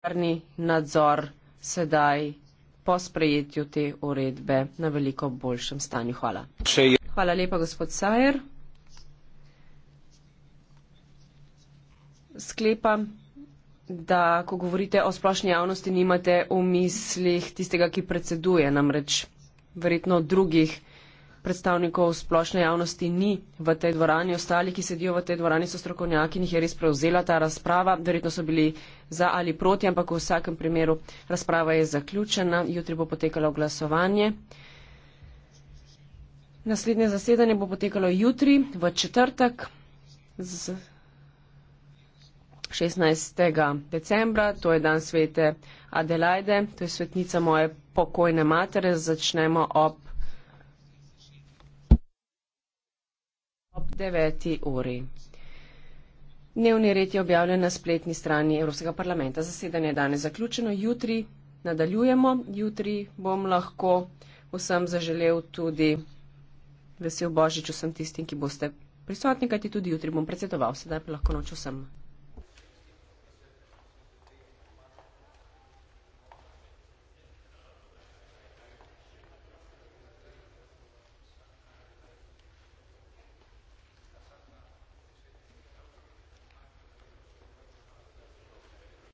parlamentarni nadzor sedaj po sprejetju te uredbe na veliko boljšem stanju. Hvala. Hvala lepa, gospod Sajer. Sklepam, da ko govorite o splošni javnosti, nimate v mislih tistega, ki predseduje, namreč verjetno drugih predstavnikov splošne javnosti ni v tej dvorani, ostali, ki sedijo v tej dvorani, so strokovnjaki in jih je res prevzela ta razprava. Verjetno so bili za ali proti, ampak v vsakem primeru razprava je zaključena, jutri bo potekalo glasovanje. Naslednje zasedanje bo potekalo jutri v četrtek z 16. decembra, to je dan svete Adelaide, to je svetnica moje pokojne matere, začnemo ob 16.30. 9. uri. Dnevni red je objavljen na spletni strani Evropskega parlamenta. Zasedanje je danes zaključeno, jutri nadaljujemo. Jutri bom lahko vsem zaželel tudi vesel božič vsem tistim, ki boste prisotni, kajti tudi jutri bom predsedoval, sedaj pa lahko noč vsem.